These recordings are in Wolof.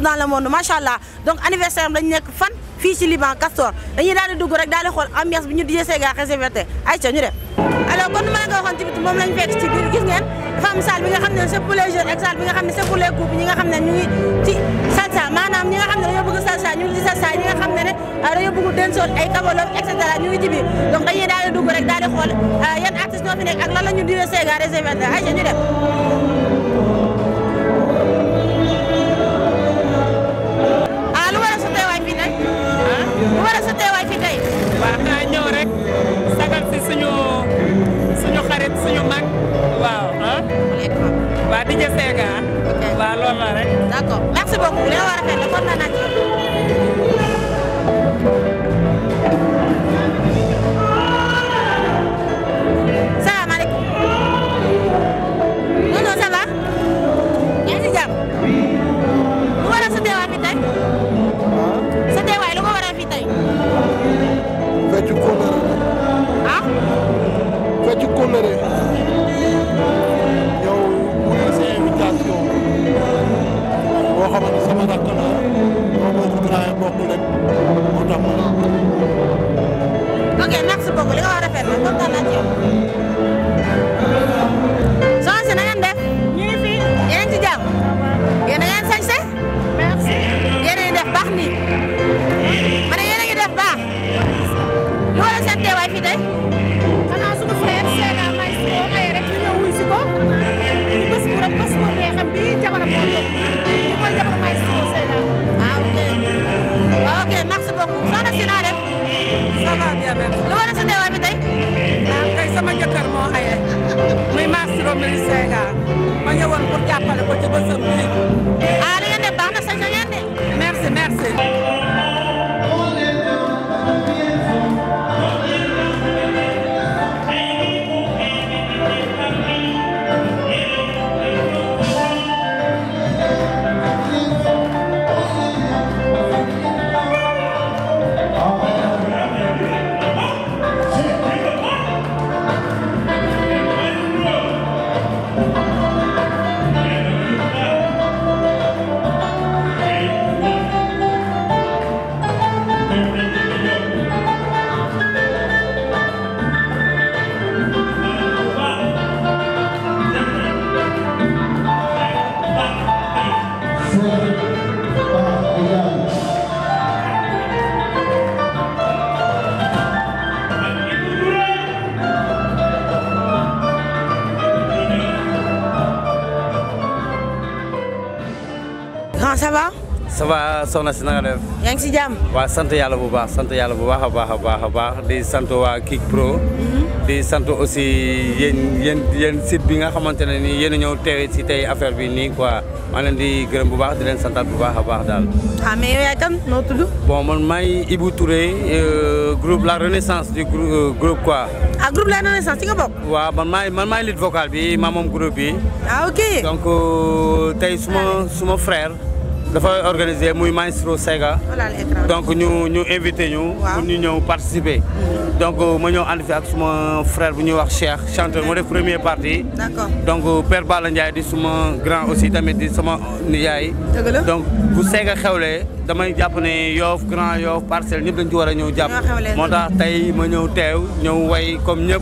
dans le monde masha'allah donc anniversaire fan fils ci Liban Castor dañuy di nous rek di ambiance bi ñu di ñu alors nous c'est pour c'est pour nous nous moom la ñu seegaan ma ñëwoon pour jàppale ko ci bësam ça va soxna si na nga def. yaa si jam? waaw sant yàlla bu baax sant yàlla bu baax a baax a baax a baax di sant waa Kik Pro. Mhm. di sant aussi yéen yéen yéen site bi nga xamante ne nii yéen a ñëw teewe si tey affaire bi nii quoi maa leen di gërëm bu baax di leen santal bu baax a baax daal. ah mais yow yaay kan noo tudd. bon man maay Ibou Touré euh, groupe La Renaissance du euh, groupe quoi. ah groupe La Renaissance ci nga bokk. waaw man maay man maay lead vocal bi maa moom groupe bi. ah ok donc euh, tey suma ah. suma frère. dafa organisé muy maestro Sega donc ñu ñu invité ñu pour ñu participer mm. donc euh, ma ñëw ànd fi ak suma frère bu ñuy wax Cheikh chanteur moo def première partie donc euh, Père Bala Ndiaye di suma grand aussi tamit di sama nijaay donc bu Sega xewlee damay jàpp ne Yoff Grand Yoff parcel, ñëpp dañ ci war a ñëw jàpp moo tax moi ma ñëw nous ñëw way comme nous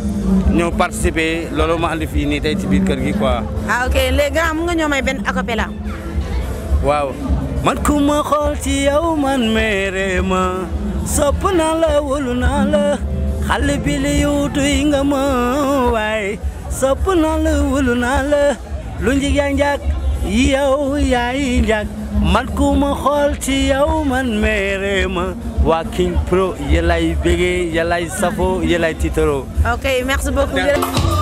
nous participer lolo ma ànd fii nii tey ci biir kër gi quoi ah ok les gars, am nga ñoo ben acapella waaw man ku ma xool ci yow man mere ma naa la wóolu naa la xale bi li yuutuy nga ma waay sopp naa la wóolu naa la lu njig yaa njàkk yow yaay njàkk man ku xool ci yow man mere ma waa King Pro yelay bégee yelay safo yelay titaro ok merci beaucoup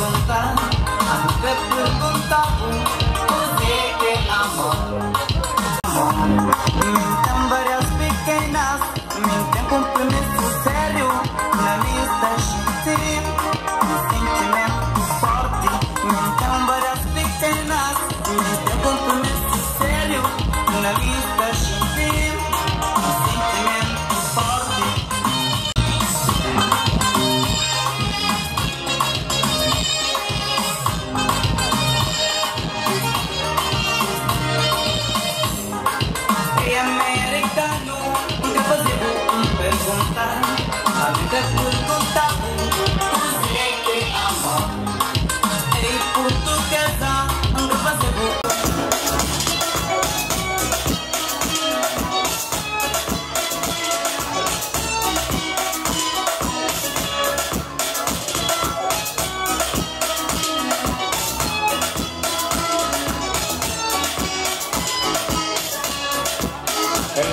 contar, a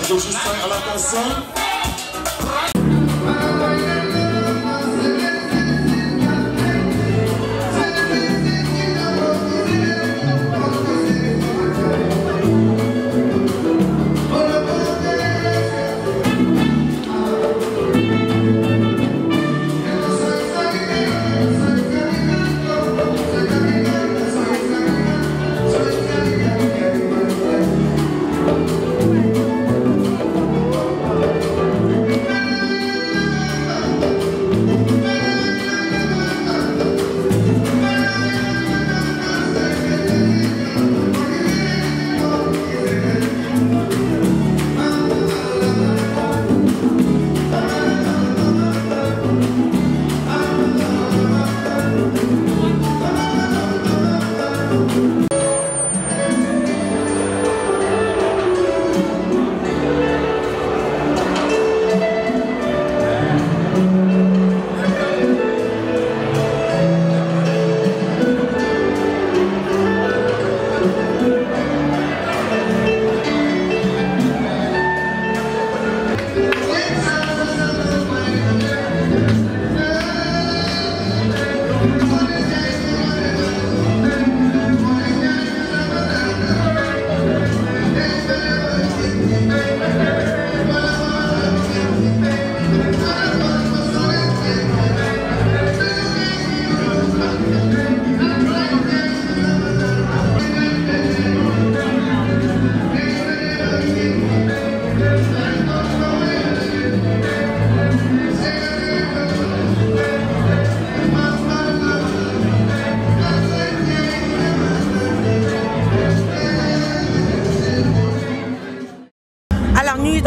je soutiens à la personne.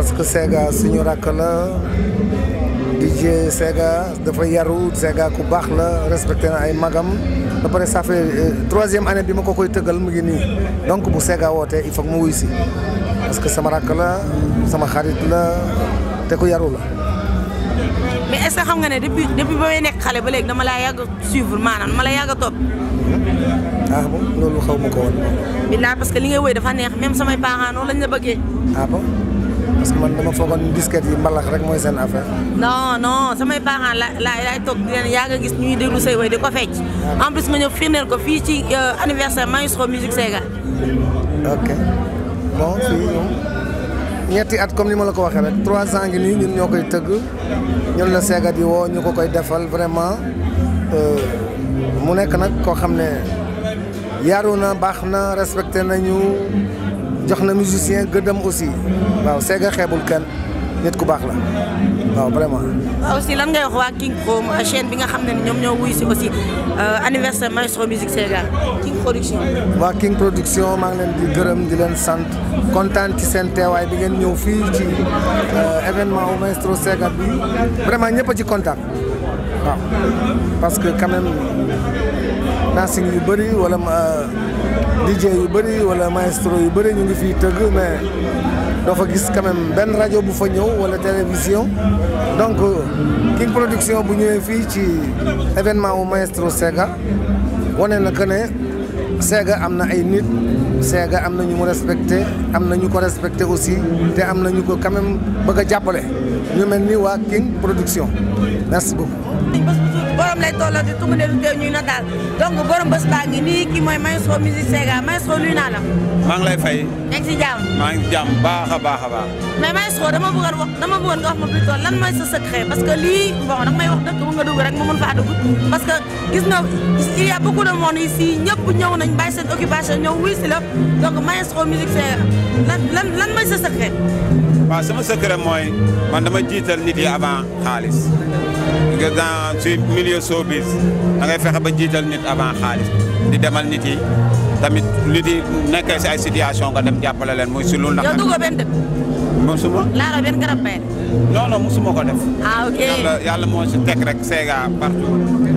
parce que Sega suñu rakk la DJ Sega dafa yaru Sega ku bax la respecté na ay magam ba paré ça fait 3 euh, troisième année bima ko koy teugal mu ngi ni donc bu Sega wootee il faut mu wuy ci parce que sama rakk la sama xarit la té ko yaru la mais est ce que xam nga né depuis depuis ba nek xalé ba léegi dama la yag suivre manam dama la yàgg topp mm-hmm. ah bon loolu xawmako won ko woon parce que li ngay wëy dafa neex même sama parents non lañ la bëggé ah bon parce que man dama fogon disquette yi malax rek moy sen affaire. non non sama parents la la laay toog di leen yàgg gis ñuy déglu sey way diko fecc ah. en plus ma ñëw firndeel ko fi ci euh, anniversaire Maestro Musique Séga. ok bon fi ñoom ñetti at comme ni ma la ko waxe rek 3 ans ngi ni ñun ñoo teug ñun la Séga di wo ñu ko koy defal vraiment euh mu nek nak ko xam yaruna baxna respecté nañu joxna musicien geudam aussi waaw Sega xebul ken nit ku bax la waaw vraiment aussi lan ngay wax wa King Chrome chaîne bi nga xamné ne ñoo wuy si aussi euh, anniversaire maestro musique sega King production wa King production ma ngi len di geureum di len sante kontaan ci sen teewaay bi ngeen ñew fi ci euh, événement maestro sega bi vraiment ñepp ci contact waaw parce que quand même nasing yu bari wala euh, DJ yu bëri wala maestro yu bëri ñu ngi fii tëgg mais doo fa gis quand benn rajo bu fa ñëw wala télévision donc King Production bu ñëwee fii ci événement wu maestro Sega wane na que ne Sega am na ay nit Sega am na ñu mu respecté am na ñu ko respecté aussi te am na ñu ko quand même bëgg a jàppale ñu mel ni waa King Production merci beaucoup. nañ bés bu suuf borom lay tolloo te tungu ne teew ñuy nataal donc borom bés baa ngi nii kii mooy Maestro Music Séga Maestro luy naa la maa ngi lay fay nekk si jàmm maa ngi si jàmm baax a baax a baax mais Maestro dama bëggoon wax dama bëggoon nga wax ma plutôt lan mooy sa secret parce que lii bon daf may wax dëkk bu nga rek ma mën faa dugg parce gis na il y a beaucoup de monde ñëpp ñëw nañ bàyyi seen ñëw wuy si la donc Maestro Music Séga lan lan lan mooy sa secret waaw nga dans ci milieu showbiz da ngay fexe ba jiital nit avant xaalis di demal nit yi tamit li di nekkee si ay situation ga dem jàppale leen muy si lu ndax. yow duggoo benn dëkk. mosuma. laara benn garab non non mosuma ko def. Ah, yàlla yàlla moo si teg rek seega partout.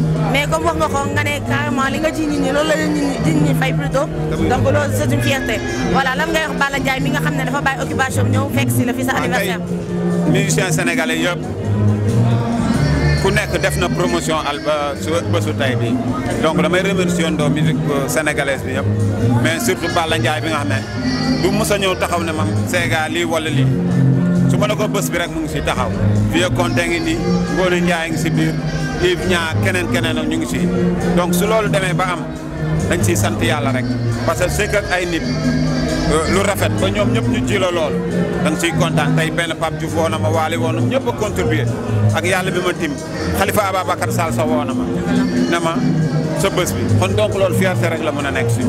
mais comme wax nga nga ne carrément li nga ci ñi loolu la nit ñi fay plutôt donc loolu c'est une fierté voilà lan ngay wax Balla Ndiaye mi nga xam ne dafa bàyyi occupation ñëw fekk si la fi sa anniversaire. Ah, musiciens sénégalais yëpp ku nekk def na promotion al ba euh, su bésu tey bi donc damay remercier ndoo musique euh, sénégalaise bi yëpp mais surtout Balla Ndiaye bi nga xam ne du mos a ñëw taxaw ne ma Séga lii wala lii su ma ne ko bés bi rek mu ngi si taxaw. Vieux Conte ngi nii Ngoné si biir. Yves Niang keneen keneen ak ñu ngi si donc su loolu demee ba am dañ siy sant yàlla rek parce que sëkk ay nit lu rafet ba ñoom ñëpp ñu ji la lool da nga siy kontaan tey benn Pape Diouf woo na ma waale woon na ñëpp a contribué ak bi ma tim Khalifa Ababacar Sall sa woo ma ne ma sa bés bi kon donc loolu fierté la mën a nekk si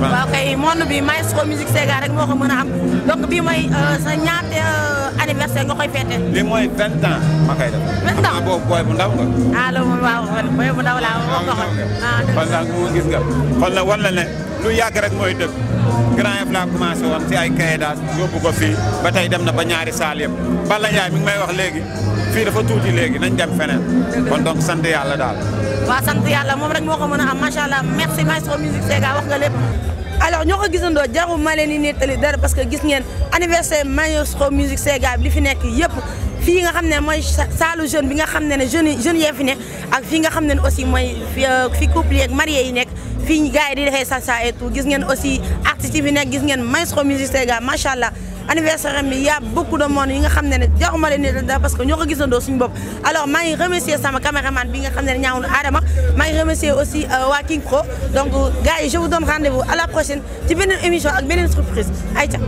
waaw kay monde bi Maestro Musique Séga rek moo ko mën a am donc bii mooy euh, sa ñaate euh, anniversaire nga koy fêté lii mooy vingt ans ma koy def vingt ans boobu booy bu ndaw nga ah loolu moom waaw booy bu ndaw laa wax nga ko ah kon nag mu kon nag wan la ne lu yàgg rek mooy dëgg Grand Yoff commencé woon ci ay kaedas yóbbu ko fii ba tey dem na ba ñaari saal yëpp Balla Ndiaye mi ngi may wax léegi fii dafa tuuti léegi nañ dem feneen kon donc sant yàlla daal waaw sant yàlla moom rek moo ko mën a am macha allah merci maestro musique Sega wax nga lépp alors ñoo ko gisandoo jaru ma leen nettali dara parce que gis ngeen anniversaire maestro musique Sega bi li fi nekk yëpp fii nga xam ne mooy saalu jeune bi nga xam ne ne jeunes jeunes yee fi nekk ak fii nga xam ne aussi mooy fi couple yeeg marié yi nekk fii gars yi di defee salsa et tout gis ngeen aussi artistes yi fi gis ngeen maestro musicien machallah. anniversaire am y' a beaucoup de monde yi nga xam ne ne joxuma leen ne parce que ñoo ko gisandoo suñu bopp alors maa ngi remercier sama caméraman bi nga xam ne ñaawul Adama maa remercier aussi euh, waa King Pro donc gars yi je vous donne rendez-vous à la prochaine ci beneen émission ak beneen surprise ayca